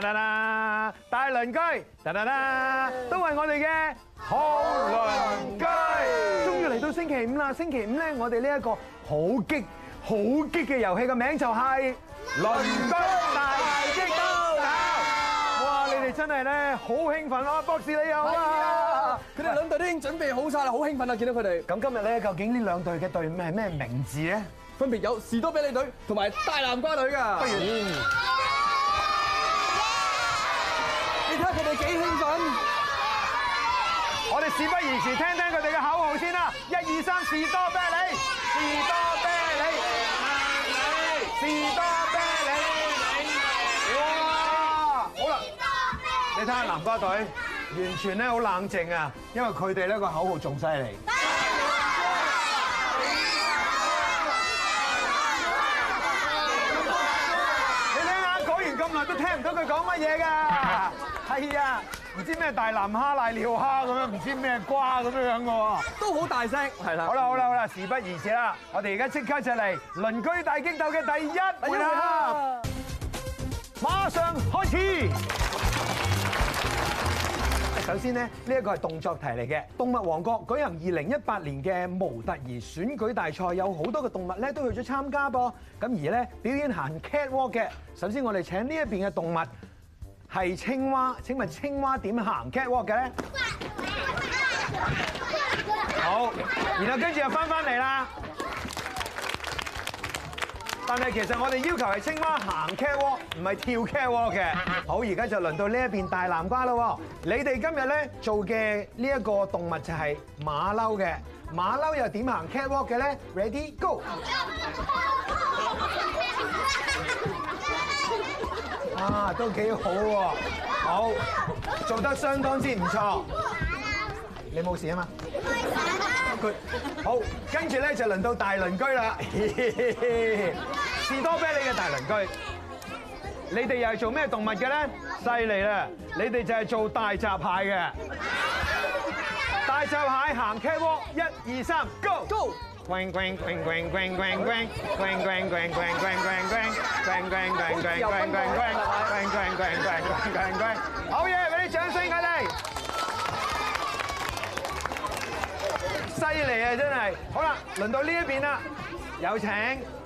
啦啦啦，大鄰居，啦啦啦，都係我哋嘅好鄰居。終於嚟到星期五啦！星期五咧，我哋呢一個好激好激嘅遊戲嘅名就係鄰居大激鬥。哇！你哋真係咧好興奮啊！博士，你又好啊！佢哋兩隊都已經準備好晒啦，好興奮啊！見到佢哋。咁今日咧，究竟呢兩隊嘅隊名係咩名字咧？分別有士多啤梨隊同埋大南瓜隊㗎。不如事不宜遲，聽聽佢哋嘅口號先啦！一二三，士多啤梨，啤梨士多啤梨，阿李梨，士多啤梨，哇！多啤好啦，你睇下南瓜隊，完全咧好冷靜啊，因為佢哋咧個口號仲犀利。都聽唔到佢講乜嘢㗎，係啊，唔、啊、知咩大南蝦、瀨尿蝦咁樣，唔知咩瓜咁樣樣嘅喎，都好大聲。係啦、啊，好啦，好啦，好啦，事不宜遲啦，我哋而家即刻就嚟鄰居大激鬥嘅第一，啦、啊，哎、呀馬上開始。首先咧，呢一個係動作題嚟嘅。動物王國舉行二零一八年嘅模特兒選舉大賽，有好多嘅動物咧都去咗參加噃。咁而咧表演行 cat walk 嘅，首先我哋請呢一邊嘅動物係青蛙。請問青蛙點行 cat walk 嘅咧？好，然後跟住又翻翻嚟啦。但係其實我哋要求係青蛙行 catwalk，唔係跳 catwalk 嘅。好，而家就輪到呢一邊大南瓜咯。你哋今日咧做嘅呢一個動物就係馬騮嘅。馬騮又點行 catwalk 嘅咧？Ready go！啊，都幾好喎！好，做得相當之唔錯。你冇事啊嘛？好，跟住咧就輪到大鄰居啦。士多啤梨嘅大鄰居，你哋又係做咩動物嘅咧？犀利啦！你哋就係做大閘蟹嘅，大閘蟹鹹茄窩，一二三，Go！Go！龜龜龜龜龜龜龜龜龜龜龜龜龜龜龜龜龜龜龜龜龜龜龜，好嘢！俾啲掌聲，佢哋犀利啊！真係好啦，輪到呢一邊啦，有請。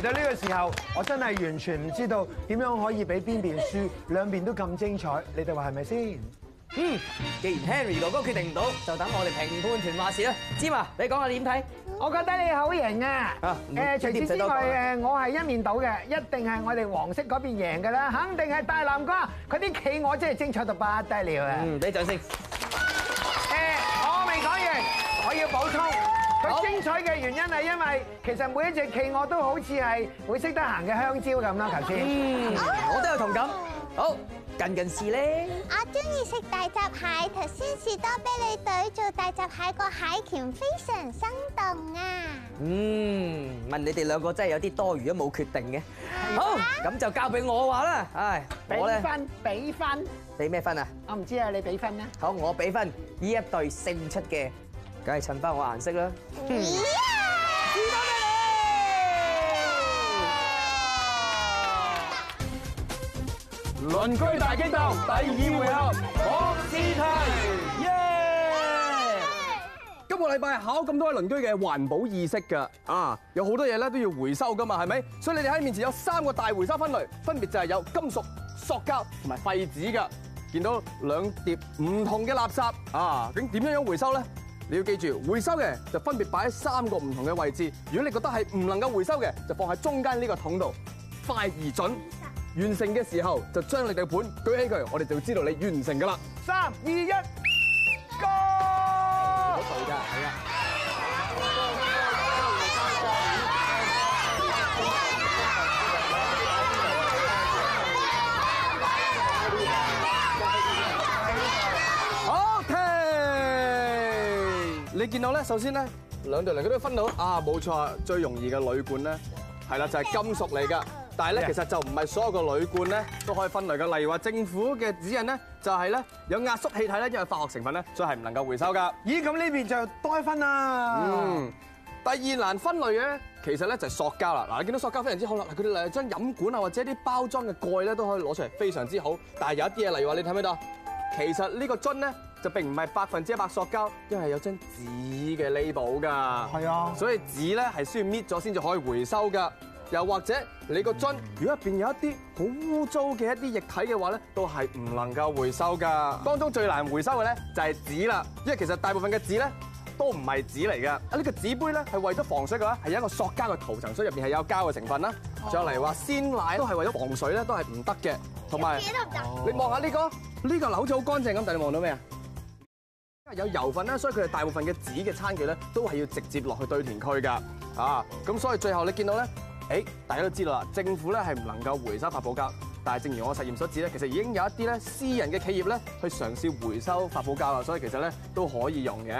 嚟到呢個時候，我真係完全唔知道點樣可以俾邊邊輸，兩邊都咁精彩，你哋話係咪先？嗯，既然 Harry 大哥，哥決定唔到，就等我哋評判團話事啦。芝麻，你講下你點睇？我覺得你好型啊！誒、啊嗯、除此之外誒，我係一面倒嘅，一定係我哋黃色嗰邊贏㗎啦，肯定係大南瓜，佢啲企鵝真係精彩到不得了啊！嗯，俾掌聲。佢精彩嘅原因係因為其實每一隻企鵝都好似係會識得行嘅香蕉咁啦，頭先。嗯，我都有同感。好，的好，近近視咧。我中意食大閘蟹，頭先士多啤梨隊做大閘蟹個蟹鉗非常生動啊。嗯，問你哋兩個真係有啲多餘都冇決定嘅。的好，咁就交俾我話啦。唉，俾分，俾分，俾咩分啊？我唔知啊，你俾分啦。好，我俾分，呢一隊勝出嘅。梗係襯翻我顏色啦！鄰居大激鬥第二回合考試題，耶！今個禮拜考咁多位鄰居嘅環保意識㗎啊！有好多嘢咧都要回收㗎嘛，係咪？所以你哋喺面前有三個大回收分類，分別就係有金屬、塑膠同埋廢紙㗎。見到兩疊唔同嘅垃圾啊，究竟點樣樣回收咧？你要記住，回收嘅就分別擺喺三個唔同嘅位置。如果你覺得係唔能夠回收嘅，就放喺中間呢個桶度。快而準，完成嘅時候就將你哋盤舉起佢，我哋就知道你完成㗎啦 。三二一，Go！見到咧，首先咧，兩隊人佢都分到啊，冇錯，最容易嘅鋁罐咧，係啦，就係金屬嚟噶。但係咧，其實就唔係所有個鋁罐咧都可以分類噶。例如話政府嘅指引咧，就係咧有壓縮氣體咧，因為化學成分咧，所以係唔能夠回收噶。咦，咁呢邊就多一分啦。嗯，第二難分類嘅其實咧就係塑膠啦。嗱，你見到塑膠非常之好啦，嗱，佢哋嚟將飲管啊或者啲包裝嘅蓋咧都可以攞出嚟，非常之好。但係有一啲嘢，例如話你睇唔睇到？其實呢個樽咧。就並唔係百分之一百塑膠，因為有張紙嘅 label 㗎。係啊，所以紙咧係需要搣咗先至可以回收㗎。又或者你個樽，如果入邊有一啲好污糟嘅一啲液體嘅話咧，都係唔能夠回收㗎。嗯、當中最難回收嘅咧就係、是、紙啦，因為其實大部分嘅紙咧都唔係紙嚟嘅啊。呢、這個紙杯咧係為咗防水嘅話，係一個塑膠嘅塗層，所以入邊係有膠嘅成分啦。再嚟話鮮奶都係為咗防水咧，都係唔得嘅。同埋、嗯、你望下呢個呢個，這個、好似好乾淨咁，但係你望到咩啊？有油份，咧，所以佢哋大部分嘅紙嘅餐具咧，都係要直接落去堆填區噶。啊，咁所以最後你見到咧，誒、欸，大家都知道啦，政府咧係唔能夠回收發泡膠，但係正如我實驗所指咧，其實已經有一啲咧私人嘅企業咧去嘗試回收發泡膠啦，所以其實咧都可以用嘅。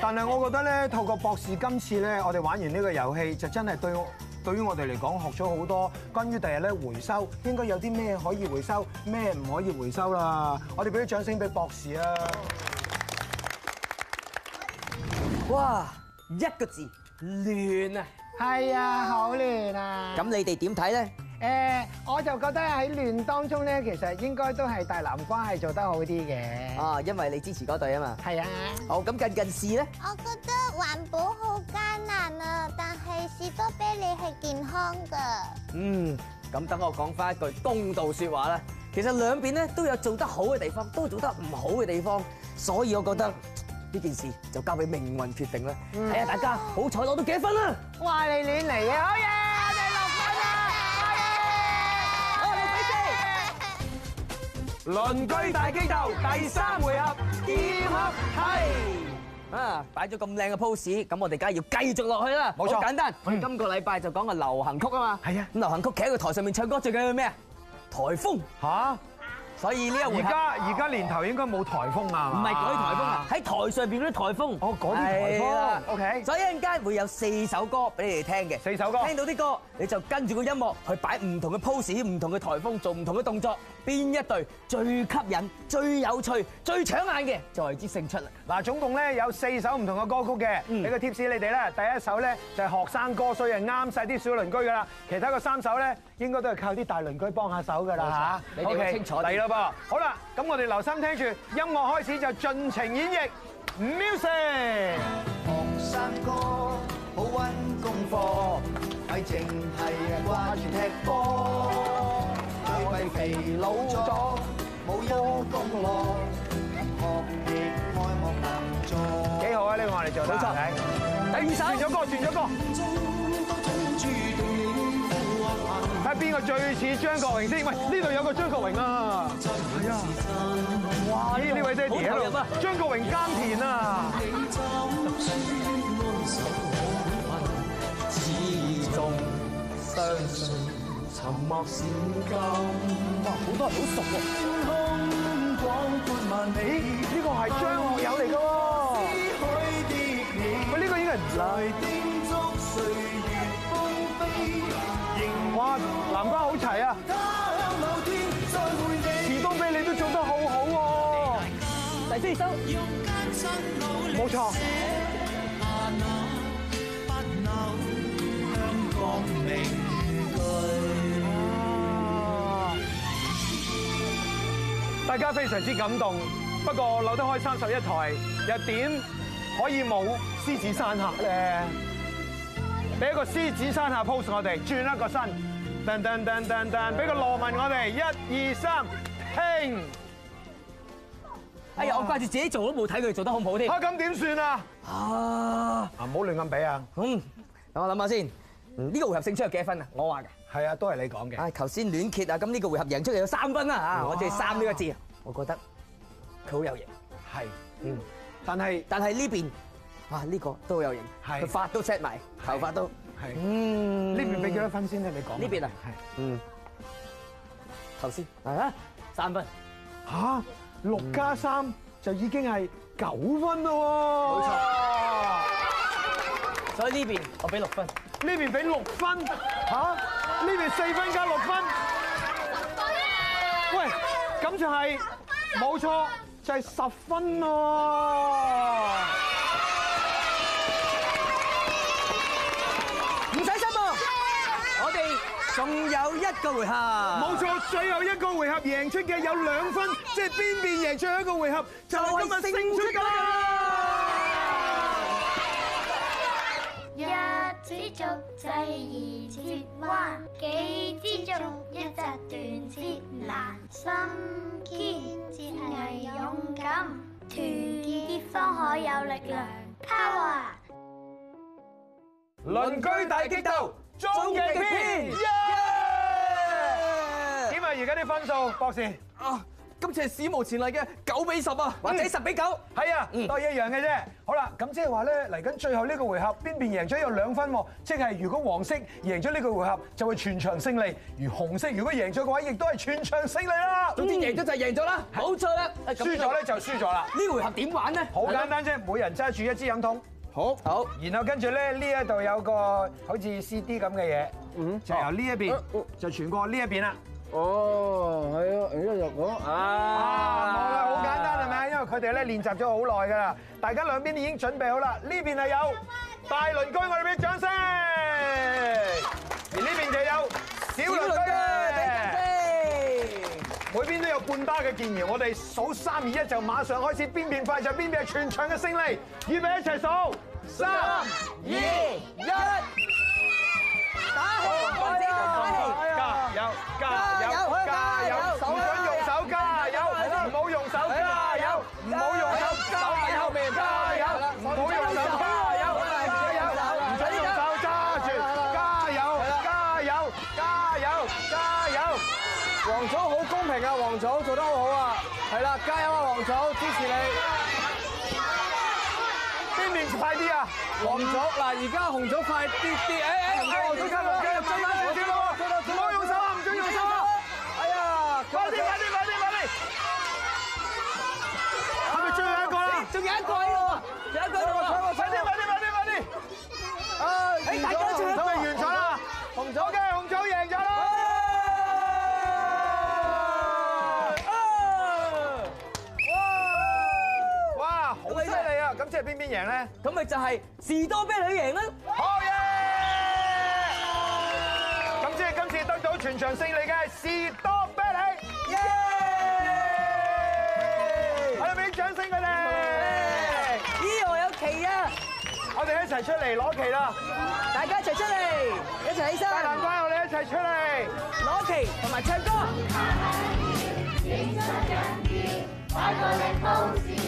但係我覺得咧，透過博士今次咧，我哋玩完呢個遊戲，就真係對我對於我哋嚟講，學咗好多關於第日咧回收應該有啲咩可以回收，咩唔可以回收啦。我哋俾啲掌聲俾博士啊！哇，一個字亂啊！係啊，好亂啊！咁你哋點睇咧？誒，我就覺得喺亂當中咧，其實應該都係大南瓜係做得好啲嘅。哦，因為你支持嗰隊啊嘛。係啊。好，咁近近視咧？我覺得環保好艱難啊，但係士多啤梨係健康㗎。嗯，咁等我講翻一句公道説話啦。其實兩邊咧都有做得好嘅地方，都做得唔好嘅地方，所以我覺得，呢件事就交俾命運決定啦！睇下大家好彩攞到幾分啦！哇！你亂嚟嘅好嘢，我哋六分啦！我哋飛機鄰居大激鬥第三回合點合氣啊！擺咗咁靚嘅 pose，咁我哋梗係要繼續落去啦！冇錯，簡單，是今個禮拜就講個流行曲啊嘛！係啊的，咁流行曲企喺個台上面唱歌最緊要咩？颱風嚇！所以呢一，而家而家年頭應該冇颱風啊，唔係改啲颱風啊，喺台上邊啲颱風，哦改啲颱風，OK，所以一陣間會有四首歌俾你哋聽嘅，四首歌，聽到啲歌你就跟住個音樂去擺唔同嘅 pose，唔同嘅颱風做唔同嘅動作，邊一對最吸引、最有趣、最搶眼嘅就係即勝出啦。嗱，總共咧有四首唔同嘅歌曲嘅，俾個 tips 你哋啦，第一首咧就係學生歌，所以啱曬啲小鄰居噶啦，其他個三首咧。應該都係靠啲大鄰居幫下手㗎啦嚇，你哋清楚嚟啦噃，好啦，咁我哋留心聽住，音樂開始就盡情演繹，music。睇邊個最似張國榮先？喂呢度有個張國榮啊！係啊！哇！呢位爹哋喺度，張國榮金田啊！始終相信沉默是金！哇！好多人好熟啊。天空廣闊，萬里，呢個係張學友嚟㗎喎。喂，呢個應該係。南瓜好齊啊！士多啤梨都做得好好喎。黎先生，冇錯錯。大家非常之感動，不過扭得開三十一台又點可以冇獅子山下咧？俾一個獅子山下 pose 我哋，轉一個身。噔噔噔噔噔，俾個羅文我哋，一二三，聽。哎呀，我掛住自己做都冇睇佢做得好唔好添。咁點算啊？啊，唔好亂咁比啊。嗯，等我諗下先。呢個回合勝出有幾分啊？我話嘅。係啊，都係你講嘅。係，頭先亂揭啊，咁呢個回合贏出嚟有三分啦啊！我借三呢個字。我覺得佢好有型。係。嗯。但係。但係呢邊，哇呢個都好有型。係。佢發都 set 埋，頭髮都。嗯，呢邊俾幾多分先咧？你講呢邊啊？係，嗯，頭先啊，三分，嚇，六加三就已經係九分咯。冇錯，啊，所以呢邊我俾六分，呢邊俾六分，嚇，啊，呢邊四分加六分，喂，咁就係冇錯，啊，就係十分咯，啊啊。仲有一個回合，冇錯，最後一個回合贏出嘅有兩分，即係邊邊贏出一個回合，就係今日勝出啦！一支竹仔，易折彎，幾支竹一紮斷，折難心堅，志毅勇敢，團結方可有力量。Power，鄰居大激鬥。分數博士啊，今次係史無前例嘅九比十啊，或者十比九，係啊，都係一樣嘅啫。好啦，咁即係話咧嚟緊最後呢個回合，邊邊贏咗有兩分喎，即係如果黃色贏咗呢個回合，就會全場勝利；而紅色如果贏咗嘅話，亦都係全場勝利啦。總之贏咗就贏咗啦，冇錯啦，輸咗咧就輸咗啦。呢回合點玩咧？好簡單啫，每人揸住一支飲筒，好好，然後跟住咧呢一度有個好似 CD 咁嘅嘢，嗯，就由呢一邊就傳過呢一邊啦。哦，係 啊，然之後講啊，冇錯，好簡單係咪？因為佢哋咧練習咗好耐㗎啦，大家兩邊都已經準備好啦。呢邊係有大鄰居，我哋俾掌聲；而呢邊就有小鄰居，鄰居，俾掌聲。每邊都有半打嘅健兒，我哋數三二一就馬上開始，邊邊快就邊邊係全場嘅勝利。預備一齊數三。快啲啊！紅組嗱，而家紅組快跌啲，哎哎，紅組加紅組入樽啦！唔好用手啊，唔準用手啊！哎呀，快啲快啲快啲快啲！係咪最後一個啦？仲有一個，有一個，快喎快喎！快啲快啲快啲快啲！啊，係大家準備完場啦！紅組嘅，紅組贏咗啦！哇哇，好犀利！咁即係邊邊贏咧？咁咪就係士多啤梨贏啦！好耶！咁即係今次得到全場勝利嘅士多啤梨！耶！我哋俾啲掌聲佢哋。咦？我有旗啊！我哋一齊出嚟攞旗啦！大家一齊出嚟，一齊起身！大南瓜，我哋一齊出嚟攞旗同埋唱歌。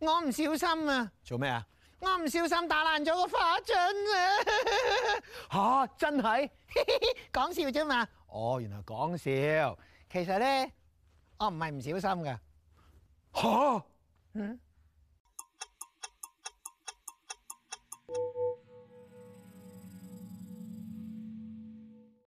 我唔小心啊！做咩啊？我唔小心打爛咗個花樽啊！吓，真係講笑啫嘛！哦，原來講笑，其實咧，我唔係唔小心噶吓，嗯。